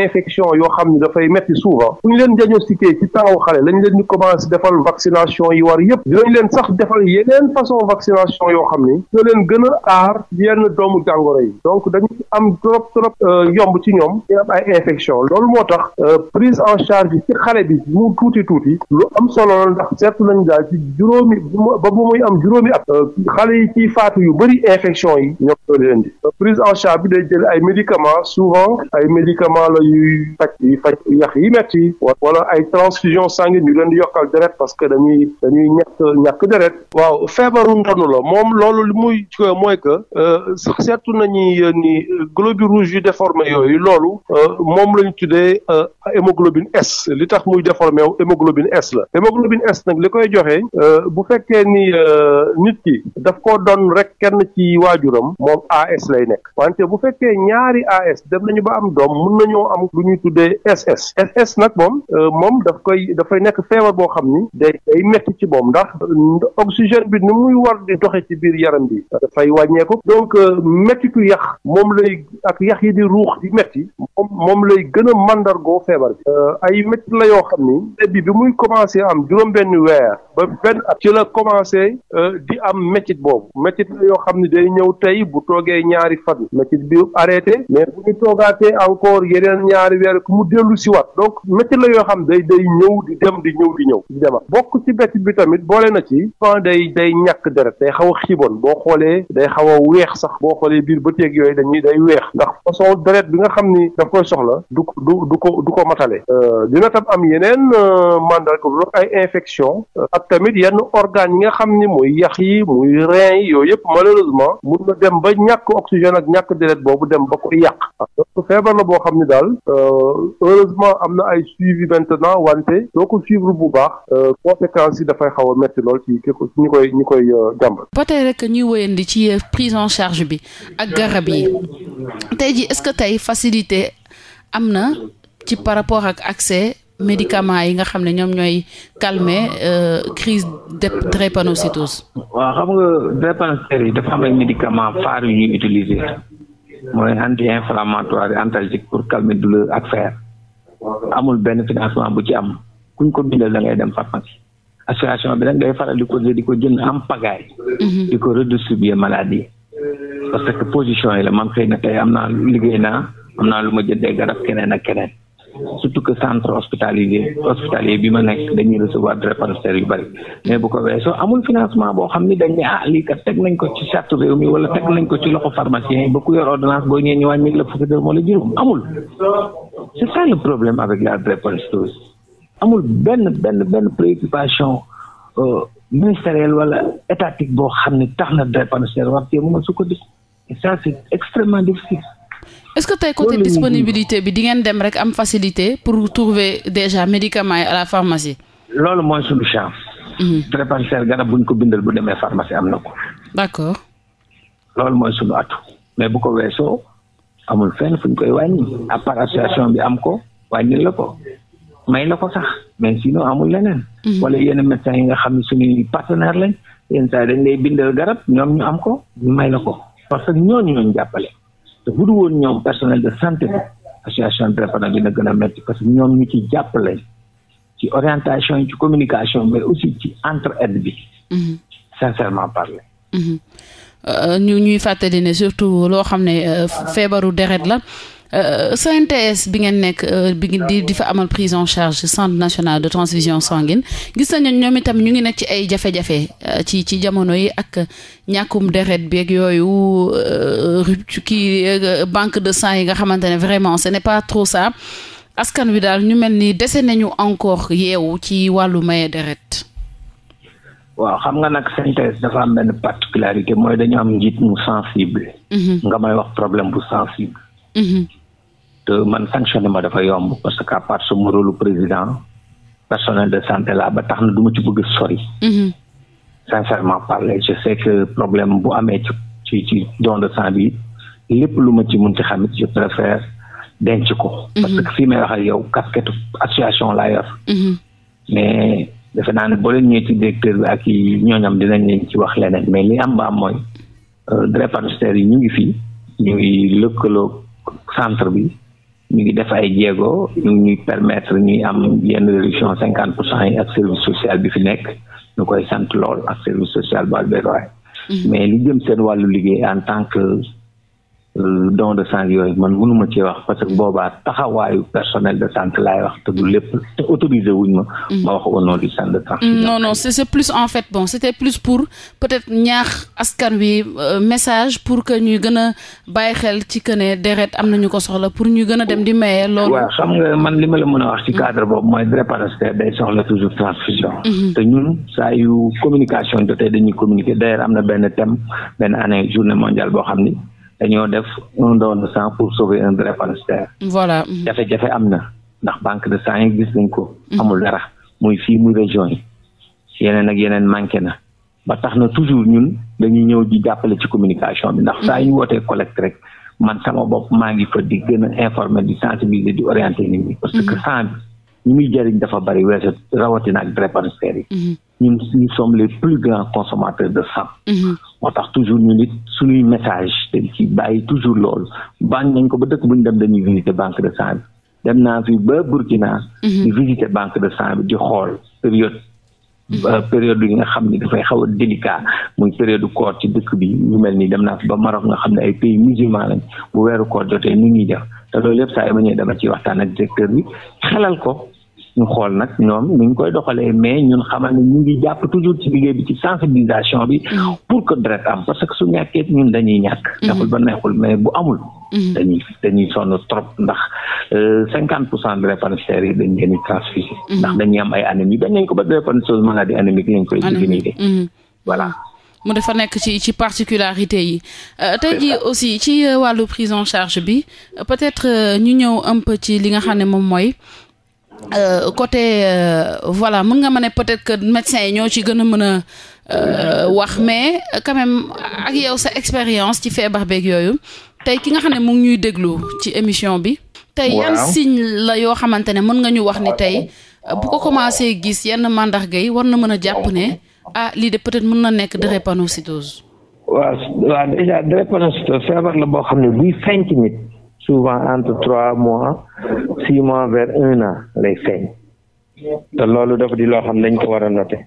infection yoo xam ne dafay metti souvent bu ñu leen diagnostiqué ci tàngaw xale lañ leen di commencé defal vaccination yi war yëpp dinañ leen sax defal yeneen façon vaccination yoo xam ni dina leen gën a aar yenn doomu jàngoro yi donc dañu am trop trop euh, yomb ci ñoom ñu am ay infection loolu moo tax euh, prise en charge ci xale bi mu tuuti tuuti lu am solo la ndax seetlu nañ daal ci juróomi ba bu muy am juróomi ak euh, xale yi ciy faatu yu bëri infection yi ñoom ñoo leen di prise en ñuy faj yi faj yax yi metti yi wala ay transfusion sanguine ñu leen di yokkal deret parce que dañuy dañuy ñàkk ñàkk deret waaw feebaru ndonu la moom loolu li muy euh, mooy que euh, seetlu nañu euh, ni globules rouges yu déformé yooyu loolu moom la ñu tuddee hémoglobine S li tax muy déformé wu hémoglobine S la hémoglobine S nag li koy joxe bu fekkee ni nit ki daf ko doon rek kenn ci waajuram moom AS lay nekk wante bu fekkee ñaari AS dem nañu ba am doom mën nañoo am lu ñuy tuddee SS SS nag moom euh, moom daf koy dafay nekk feebar boo xam ni day day metti ci moom ndax oxygène bi ni muy war di doxe ci biir yaram bi dafay wàññeeku donc euh, mettitu yax moom lay ak yax yi di ruux di metti moom moom lay gën a màndargoo feebar bi euh, ay metti la yoo xam ni di bi muy commencé am juróom-benn weer ba benn at ci la commencé di am metti boobu metti la yoo xam ni day ñëw tey bu toogee ñaari fan metti bi arrêté mais bu ñu toogaatee benn ñaari weer ku mu dellu si wat donc métti la yoo xam day day ñëw di dem di ñëw di ñëw di dema bokk ci métti bi tamit boole na ci fan day day ñàkk deret day xaw a xiibon boo xoolee day xaw a weex sax boo xoolee biir bëteeg yooyu dañuy day weex ndax façon deret bi nga xam ni daf soxla du du du ko du ko matale euh, dina tam am yeneen euh, mandarga lu ay infection euh, ak tamit yenn organes yi nga xam ni muy yax yi muy yooyu yëpp malheureusement mun dem ba ñàkk oxygène ak ñàkk deret boobu dem ba ko yàq donc feebar na boo xam ni daal yoon euh, heureusement am na ay suivi maintenant wante doo ko suivre bu baax euh, conséquences dafay xaw a métti lool ci ki ñi koy ñi koy euh, jàmbat. ba tey rek ñuy wëyandi ci prise en charge bi ak garab yi tey ji est-ce que tey facilité am na ci par rapport ak accès. médicament yi nga xam ne ñoom ñooy calmer crise de drépanocytose. waaw xam nga drépanocytose dafa am ay médicaments yu ñuy utiliser mooy anti inflammatoire antalgique pour calmer douleur ak fer amul benn financement bu ci am kuñ ko bindal da ngay dem pharmacie association bi nag day faral di ko di ko jënd am pagaay mhm. di ko redistribuer maladie parce que position yi la man xëy na tey am naa liggéey naa am naa lu ma jëndee garab keneen ak keneen surtout que centre hospitalier hospitalier bi ma nekk dañuy recevoir répartiteur yu bëri mais bu ko weesoo amul financement boo xam ni dañ ne ah lii kat teg nañ ko ci charte réew mi wala teg nañ ko ci loxo pharmacien yi ba ku yor ordonnance boo ñëwee ñu wàññi la fukki dërëm moo la juróom amul c'est ça le problème avec la drépanocytose amul benn benn benn préoccupation euh, ministérielle étatique boo xam ni tax na drépanocytose war cee mën a sukkandiku et ça c'est extrêmement difficile est-ce que tey côté disponibilité bi di ngeen dem rek am facilité pour trouver déjà médicaments yi à la pharmacie. loolu mooy suñu chance. Mhm. préparer garab bu ñu ko bindal bu demee pharmacie am na ko. d'accord. loolu mooy suñu at mais bu ko weesoo amul fenn fu ñu koy wàññi à association bi am ko wàññil la ko may la ko sax mais sinon amul leneen. Mhm. wala yenn médecins yi nga xam ne suñuy partenaire lañ yenn saa dañ lay bindal garab ñoom ñu am ko may la ko parce que ñooñu jàppale. te bu du woon ñoom personnel de santé bi association drépano dina gën a métti parce que ñoom ñu ci jàppale ci orientation yi ci communication mais aussi ci entre entraide bi mhm. sincèrement parler mhm. euh, ñu ñuy fàttali ne surtout loo xam ne euh, feebaru deret la Euh, CNTS bi ngeen nekk euh, bi di di fa amal prise en charge centre national de transfusion sanguine gis nañu ñoom itam ñu ngi nekk ci ay jafe-jafe euh, ci ci jamono yi ak ñàkkum deret beeg yooyu rupture kii banque de sang yi nga xamante ne vraiment ce ne pas trop ça askan wi daal ñu mel ni dese nañu encore yeewu ci wàllu maye deret. waaw xam nga nag synthèse dafa am benn particularité mooy dañu am njiit mu sensible. Mhm. nga may wax problème bu sensible. Mhm. te man sanctionné ma dafa yomb parce que à part sama président personnel de santé la ba tax na du ma ci bëgg sori. Mhm. sincèrement parler je sais que problème bu amee ci ci don de lépp lu ma ci mun ci xamit je préfère denc ko. Mhm. parce que fii may wax ak yow association laa yor. Mhm. mais defe naa ne boo leen ñëwee ci directeur bi ak yi ñooñam dinañ leen ci wax leneen mais li am ba am mooy euh, yi ñu ngi fii ñu ngi lëkkaloo centre bi. ñu ngi def ay jéego ñu ngi ñuy permettre ñuy am yenn réduction cinquante pour cent yi ak service social bi fi nekk nu koy sant lool ak service sociale bu Albert Royer mm-hmm. mais li jëm seen wàllu liggéey en tant que Euh, don de sang yooyu man mënuma cee wax parce que boobaa taxawaayu personnel de santé laay wax te du lépp te autorisé wuñ ma. Mm. ma wax au nom du centre de transfusion. Mm, non non c' est plus en fait bon c' plus pour peut ñaax askan wi euh, message pour que ñuy gën a bàyyi xel ci que ne deret am na ñu ko soxla pour ñu gën a dem di maye. loolu xam nga man li ma la mën a wax ci mm. cadre boobu mooy deret parasitaire day soxla toujours transfusion. Mm-hmm. te ñun saa yu communication d' na benn thème benn année journée mondiale boo xam ni. dañoo def un don de sang pour sauver un drapeau voilà jafe-jafe am na ndax banque de sang yi gis nañ ko. Mhm. amul dara muy fii muy région yi yeneen ak yeneen manqué na ba tax na toujours ñun dañuy ñëw di jàppale ci communication bi ndax saa ñu wootee collecte rek man sama bopp maa ngi fa di gën a informer di sensibiliser di orienter nit ñi. parce que mhm. sang bi ñu muy jëriñ dafa bari weesu rawatina ak drapeau yi. Mhm. ñun nous sommes les plus grands consommateurs de sap. Mhm. moo tax toujours ñu nit suñuy message dañ ci bàyyi toujours loolu banque nañ ko ba dëkk bu ñu dem dañuy visiter banque de sang bi dem naa fi ba Burkina. Mhm. di visiter banque de sang bi di xool période. Mhm. Euh, période yi nga xam ni dafay xaw a délicat muy période koor ci dëkk bi ñu mel ni dem naa fi ba Maroc nga xam ne ay pays musulman lañ bu weeru koor jotee nu ñuy def te loolu yëpp saa yi ma ñëwee dama ci waxtaan ak directeur bi xelal ko. ñu xool nag ñoom ñu ngi koy doxalee mais ñun xamal ne ñu ngi jàpp toujours ci liggéey bi ci sensibilisation bi mm. pour que deret am parce que su ñàkkee ñun dañuy ñàkk mm. neexul ba neexul mais bu amul mm. dañuy dañuy sonn trop ndax euh, cinquante pour cent deret yi dañ leen di transfuser mm-hmm. ndax dañuy am ay anémie bañ nañ ko ba deret panafricains maladie anémique lañ koy définir mm-hmm. voilà mu dafa nekk ci particularité yi euh, te jii aussi ci euh, wàllu prise en charge bi peut-être ñu ñëw un peu ci li nga xam ne moom mooy Euh, côté euh, voilà mën nga ma ne peut-être que médecins yi ñoo ci gën a mën a euh, wax mais quand ak yow sa expérience ci feebar beeg yooyu tey ki nga xam ne mu ngi ñuy déglu ci émission bi. tey yan signe la yoo xamante ne mën nga ñu wax ni tey euh, bu ko commencé gis yenn mandarga yi war na mën a jàpp ne ah lii de peut-être mën na nekk drépanocytose. waaw waaw déjà drépanocytose feebar la boo xam ne buy feeñ nit. souvent entre trois mois six mois vers un an lay feeñ te loolu dafa di loo xam dañ ko war a noté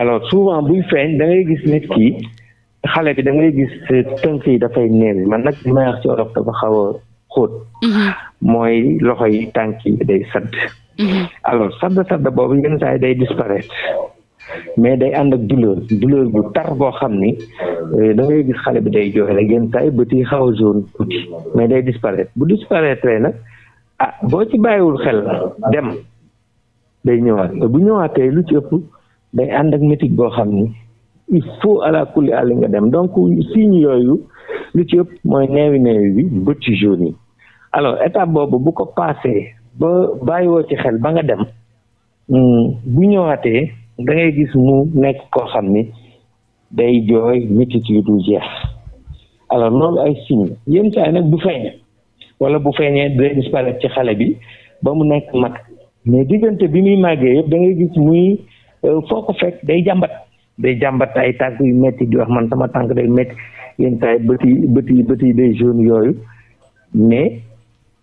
alors souvent buy feeñ da ngay gis nit ki xale bi da ngay gis euh, tënk yi dafay néew man nag li may wax ci dafa xaw a xóot mm-hmm. mooy loxo yi tànk yi day sadd mm-hmm. alors sadd sadd boobu yenn saa yi day disparaître mais day ànd ak douleur douleur bu tar boo xam ni euh, da gis xale bi day jooy rek yenn taay bët yi xaw a zone tuuti mais day disparaître bu disparaître nag ah boo ci bàyyiwul xel dem day ñëwaat te bu ñëwaatee lu ci ëpp day ànd ak métit boo xam ni il faut ala kulli àll nga dem donc signe yooyu lu ci ëpp mooy neewi neewi bi bët ci jaune yi alors étape boobu bu ko passé ba bàyyiwoo ci xel ba nga dem hmm, bu ñëwaatee. da ngay gis mu nekk koo xam ni day jooy métit yu du jeex alors loolu ay signe yenn saa yi nag du feeñ wala bu feeñee day disparaître ci xale bi ba mu nekk mag mais diggante bi muy màggee da ngay gis muy euh, foo ko fekk day jàmbat day jàmbat ay tànk yu métti di wax man sama tànk day métti yenn saa yi bët yi bët yi bët yi day jaune yooyu mais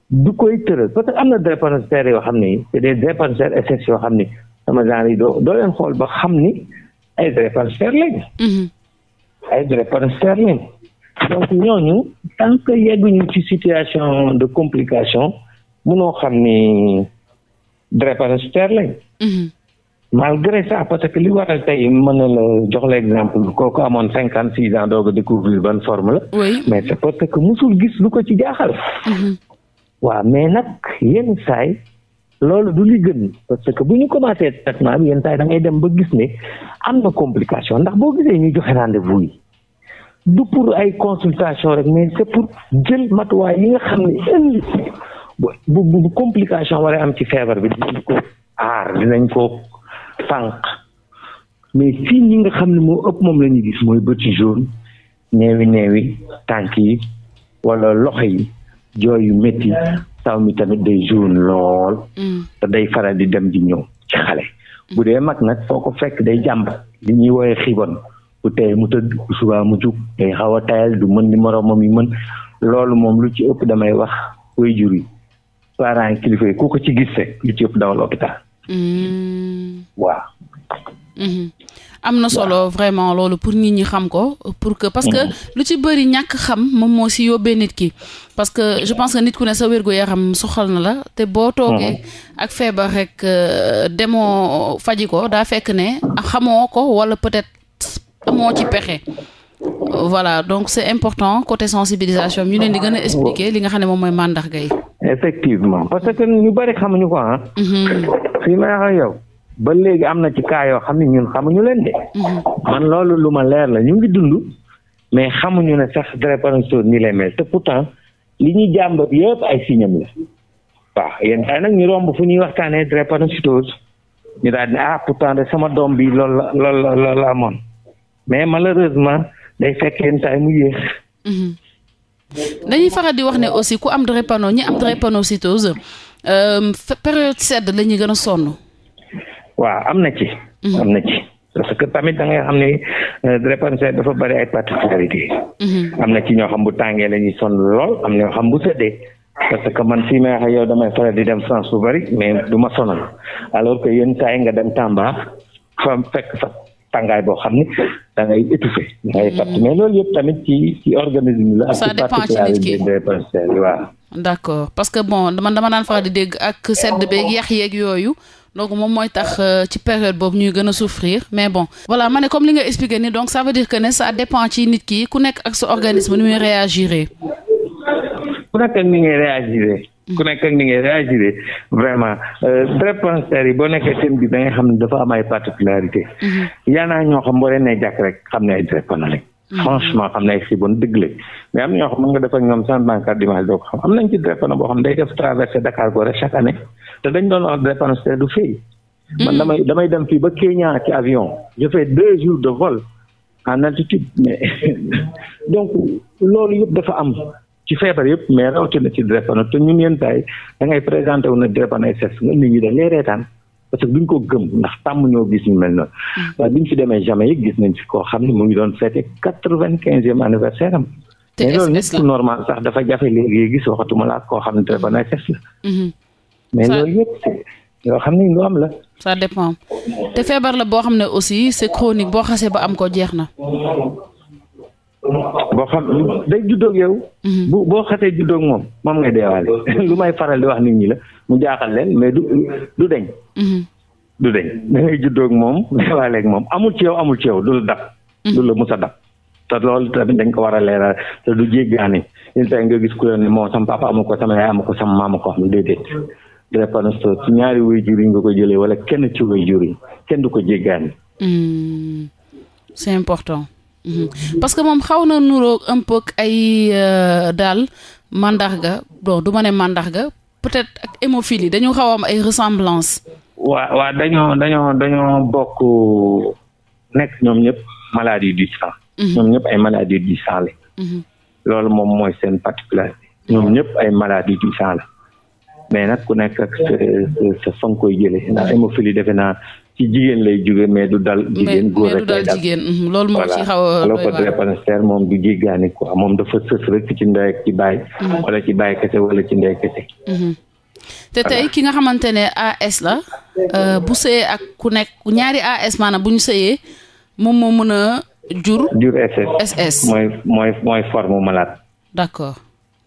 du koy tëral parce que am na drépanocytaires yoo xam ne c'est des drépanocytaires SS yoo xam ne sama genre yi xool ba xam ni ay drépanocytaires lañ. Mhm. ay drépanocytaires lañ. donc ñooñu tant que yegguñu ci situation de complication munoo xam ni drépanocytaires lañ. Mhm. malgré ça parce que li waral tey mën na la jox la exemple kooku amoon cinquante six ans doog a découvrir ban forme la. oui mais parce que musul gis lu ko ci jaaxal. Mhm. waaw mais nag yenn saay loolu du li gën parce que bu ñu commencé traitement bi yenn yi da dem ba gis ne am na complication ndax boo gisee ñu joxe rendez-vous yi du pour ay consultation rek mais c'est pour jël matuwaay yi nga xam ne ëllëg bu bu complication war am ci feebar bi dinañ ko aar dinañ koo fànq mais fii ñi nga xam ne moo ëpp moom la ñu gis mooy bëti jaune neewi neewi tànk yi wala loxo yi jooy yu métti taw mi tamit day jour lool mm. te day faral di dem di ñëw ci xale bu dee mag nag foo ko fekk day jàmb li ñuy woowee xibon bu tey mu tëdd bu subaa mu jug day xaw a tayal du mën ni moroomam yi mën loolu moom lu ci ëpp damay wax way jur yi parents kilifa yi ku ko ci gis rek lu ci ëpp dawal hôpital mm. waaw mm-hmm. am na solo vraiment loolu pour nit ñi xam ko pour que parce que mm-hmm. lu ci bëri ñàkk xam moom moo si yóbbee nit ki parce que je pense que nit ku ne sa wérgu yaram soxal na la te boo toogee mm-hmm. ak feebar rek euh, demoo faji ko daa fekk ne xamoo ko wala peut-être amoo ci pexe voilà donc c'est important côté sensibilisation ñu leen di gën a expliquer li nga xam ne moom mooy màndarga yi effectivement parce que ñu bëri xamuñu ko ah mm-hmm. fii may wax yow ba léegi am na ci cas yoo xam ne ñun xamuñu leen de. Mm-hmm. man loolu lu ma leer la ñu ngi dund mais xamuñu ne sax drépanocytose nii lay mel te temps li ñuy jàmbat yëpp ay signam la waaw yenn saa nag ñu romb fu ñuy waxtaanee drépanocytose ñu daal di ah pourtant de sama doom bi lool la lool lool la amoon mais malheureusement day fekk yenn saa mu yéex. Mm-hmm. dañuy faral di wax ne aussi ku am drépano ñi am drépanocytose euh, période sedd lañuy gën a sonn. waaw am na ci. Mhm. am na ci parce que tamit da ngay xam ne euh, drépanocytose dafa bari ay particularité mhm. am na ci ñoo xam bu tàngee la ñuy sonn lool am na ñoo xam bu tëddee. parce que man fii may wax yow damay faral di dem France bu bari mais du ma sonal alors que yenn saa yi nga dem Tamba fa fekk fa tàngaay boo xam ne da ngay étouffé. da ngay mhm. mais loolu yëpp tamit ci ci organisme la. ça dépend ci nit ki waaw. d' accord parce que bon dama daan faral di ak sedd beeg yàq yeeg yooyu. donc moom mooy tax euh, ci période boobu ñuy gën a mais bon voilà ma ne comme li nga expliqué ni donc ça veut que ne ça dépend ci nit ki ku nekk ak sa organisme ni muy réagir. ku nekk ak ni ngay réagir. Hmm. ku nekk ak ni ngay réagir vraiment euh, traite cancer yi boo nekkee thème bi da nga xam ne dafa am ay particularité hmm. yaa naa ñoo xam boo leen jàkk rek xam ne ay traite cancer hmm. franchement xam ne ay xiibon dëgg la mais am na ñoo xam mën nga def ak ñoom cent vingt quatre xam am te dañ doon wax dépense te du fay. man mm. damay damay dem fii ba Kenya ci avion. je fais deux jours de vol en altitude mais (laughs) donc loolu yëpp dafa am ci feebar yëpp mais rawatina ci drépano te ñun yenn taay da ngay présenté wu ne drépano SS nga nit ñi dañ lay reetaan parce que duñ ko gëm ndax tàmm ñoo gis ñu mel noonu. Mm. waaye biñ fi demee Jamaïque gis nañ fi koo xam ne mu ngi doon fêté quatre-vingt-quinzième anniversaire am. te loolu nit ku normal sax dafa jafe léegi gis waxatuma la koo xam ne drépano SS la. Mm-hmm. mais loolu yëpp yoo xam ni lu am la. ça dépend te feebar la boo xam ne aussi c'est chronique boo xasee ba am ko jeex na. boo xam day juddoog yow. Mhm. bu boo xasee juddoog moom moom ngay deewaale (laughs) lu may faral di wax nit ñi la mu jaaxal leen mais du du deñ. Mhm. du deñ da juddoog moom (laughs) deewaaleeg moom amul ci yow amul ci yow du la dab. Mhm. du la mus a dab te loolu tamit dañ ko war a leeral te du jéggaani yenn saa nga gis ku ne moo sama papa amu ko sama yaay amu ko sama maama ko dépendance ci ñaari way jur yi nga ko jëlee wala kenn ci way jur yi kenn du ko jéggaani. Hmm. c'est important. Hmm. parce que moom xaw na nuroog un peu ay euh, daal mandarga bon du ma ne mandarga peut-être ak hémophilie dañu xaw am ay ressemblance waa waa dañoo dañoo dañoo bokk nekk ñoom ñëpp maladie du sang. Hmm. ñoom ñëpp ay maladie du moom mooy seen particularité ñëpp ay maladie sang la. mais nag ku nekk ak sa sa fa nga koy jëlee ndax hémophilie defe naa ci jigéen lay jóge mais du dal jigéen góor rek lay loolu moo ci xaw a alors que drépanocytaire moom du jéggaani ko moom dafa sës rek ci ndey ak ci baay wala ci baay kese wala ci ndey kese te tey ki nga xamante ne AS la euh, bu sëyee ak ku nekk ñaari AS maanaam bu ñu sëyee moom moo mën a jur. jur SS. SS mooy mooy mooy forme malade. d'accord.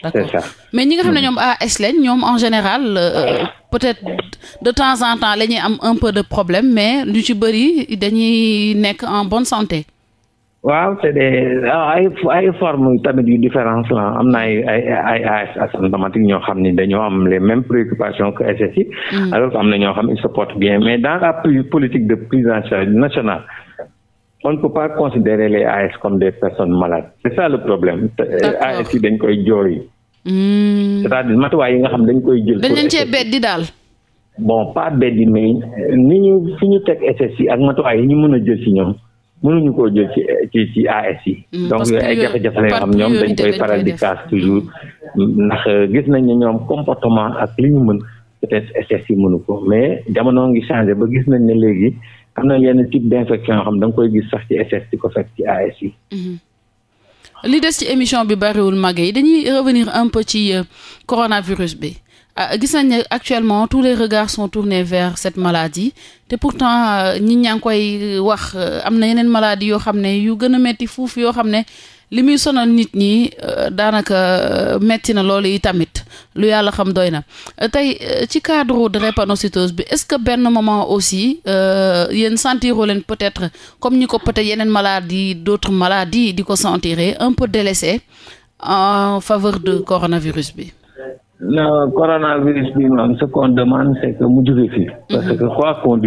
d'accord mais ñi nga xam ne hmm. ñoom AS lañ ñoom en général euh, peut-être de temps en temps la ñuy am un peu de problème mais lu ci bëri dañuy nekk en bonne santé. waaw c'est des ah, ay ay formes tamit yu différence la am na ay ay a asymptomatique ñoo xam ni dañoo am les mêmes préoccupations que SSI hmm. alors que am na ñoo xam ils se bien mais dans la politique de prise en nationale. on ne peut pas considérer les AS comme des personnes malades c'est ça le problème euh, AS dañ koy jooy hmm. c'est-à-dire matuwaay yi nga xam dañ koy jël dañ leen daal bon pas beddi mais euh, ni ñu fi ñu teg ak matuwaay yi ñu mën a jël ci ñoom mënuñu koo jël ci ci ci AS yi hmm, ay jafe yoo xam ñoom dañ koy paral di kaas hmm. toujours ndax euh, gis nañ ne ñoom comportement ak li ñu mën peut-être yi mënu ko mais jamono ngi changé ba gis nañ ne léegi am na yenn type d' infection yoo xam da koy gis sax ci SS di ko fekk ci AS yi. Mhm. li des ci émission bi bariwul màgge yi dañuy revenir un peu ci euh, coronavirus bi ah, gis nañ ne actuellement tous les regards sont tournés vers cette maladie te pourtant ñi euh, ñaa ngi koy euh, wax am na yeneen maladie yoo xam ne yu gën a metti foofu yoo xam ne. li muy sonal nit ñi euh, daanaka euh, metti na loolu yi tamit lu yàlla xam doy na euh, tey ci cadre de drépanocytose bi est-ce que benn moment aussi yéen sentiroo leen peut-être comme ñi ko peut-être yeneen maladies d'autres maladies di ko sentiree un peu délaissé en faveur de coronavirus bi. non coronavirus bi moom ce qu'on demande c'est que mu jóge fi. Mm-hmm. parce que quoi qu'on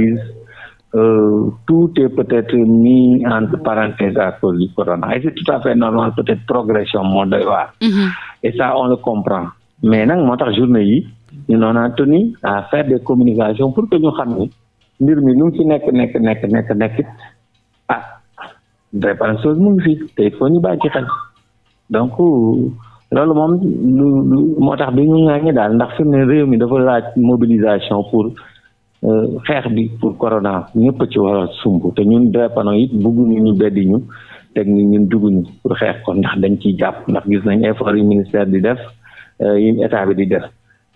euh, tout est peut-être mis entre parenthèses à cause du corona. Et c'est tout à fait normal, peut-être progression moo doy mhm. Et ça, on le comprend. mais nag moo tax journée yi ñu noon a tenu à faire des communication pour que ñu xam ni mbir mi lu ci nekk nekk nekk nekk nekk ah drépanocytose mu ngi fi te il faut ci xel donc euh, loolu moom lu moo tax du ñu ŋaañi daal ndax fi mu mi dafa laaj mobilisation pour Euh, xeex bi pour corona ñëpp ci war a sumb te ñun drépano it bugguñu ñu beddi ñu teg ni ñun dugguñu pour xeex ko ndax dañ ciy jàpp ndax gis nañ effort yi ministère di def euh, yi état bi di def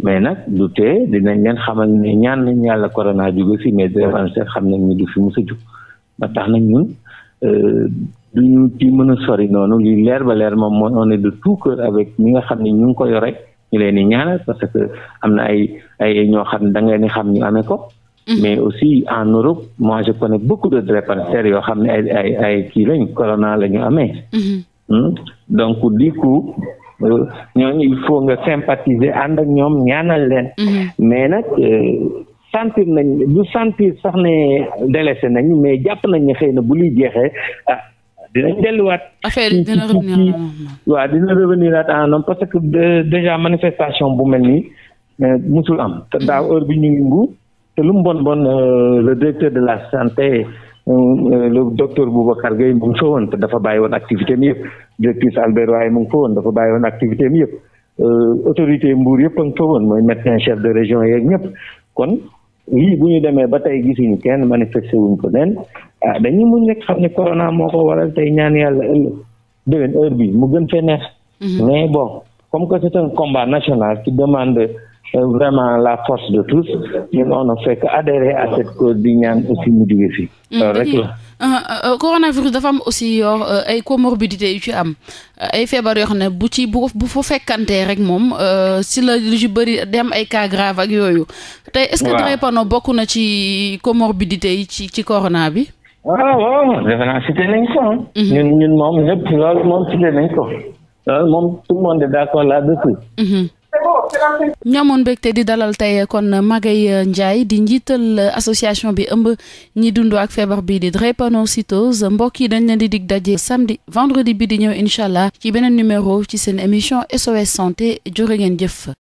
mais nag du tee dinañ leen xamal ne ñaan nañ yàlla corona jóge si mais drépano xam nañ ni du fi musa jóg ba tax na ñun euh, duñu ci mën a sori noonu li leer ba leer moom mooy ne est de tout avec ñi nga xam ne ñu ngi ko yore ñu leen di ñaanal parce que am na ay ay ñoo xam ne da ngeen xam ñu amee ko Mm-hmm. mais aussi en Europe moi je connais beaucoup de drépanocytaires yoo xam ne ay ay ay kii lañ corona la ñu amee. Mm-hmm. Hmm? donc du coup euh, ñooñu il faut nga sympathiser ànd ak ñoom ñaanal leen. Mm-hmm. mais nag euh, sentir nañ du sentir sax ne délaissé nañ mais jàpp nañ ne xëy na bu luy jeexee ah dinañ delluwaat. affaire yi dina revenir waaw dina en homme parce que euh, déjà manifestation bu mel nii musul am te daaw heure bi ñu ngi ngu. te lu mu bon bon euh, le directeur de la santé euh, euh, le docteur Boubacar Gueye mu ngi fa woon te dafa bàyyi woon activité mi yëpp directrice Albert waaye mu ngi fa woon dafa bàyyi woon activité mi yëpp autorité Mbour yëpp a ngi fa woon mooy médecin chef de région yeeg ñëpp kon lii bu ñu demee ba tey gisuñu kenn manifesté wuñ ko nen ah dañuy muñ rek xam ne corona moo ko waral tey ñaan yàlla de déwén heure bi mu gën fee neex mhm. mais bon comme que c'est national qui demande vraiment la force de tous ñun on ne fait que adhérer à cette cause ñaan aussi mu jóge fi loolu mm, euh, rek euh, euh, coronavirus dafa am aussi yoo ay comorbidité yu ci am ay feebar yoo xam ne bu ci bu bu fekkante rek moom si la lu ci bëri dem ay cas ak yooyu te est-ce bokk na ci comorbidité yi ci ci corona bi waaw waaw defe naa cité ko ah. mhm. ñun ñun moom ñëpp loolu moom cité nañ ko loolu moom tout le monde est d'accord là-dessus mhm. ñu amoon mbégte di dalal tey kon Magaye Ndiaye di njiital association bi ëmb ñi dund ak feebar bii di drépanocytose mbokk yi dañ leen di dig daje samedi vendredi bi di ñëw incha ci beneen numéro ci seen émission SOS santé jërë ngeen jëf.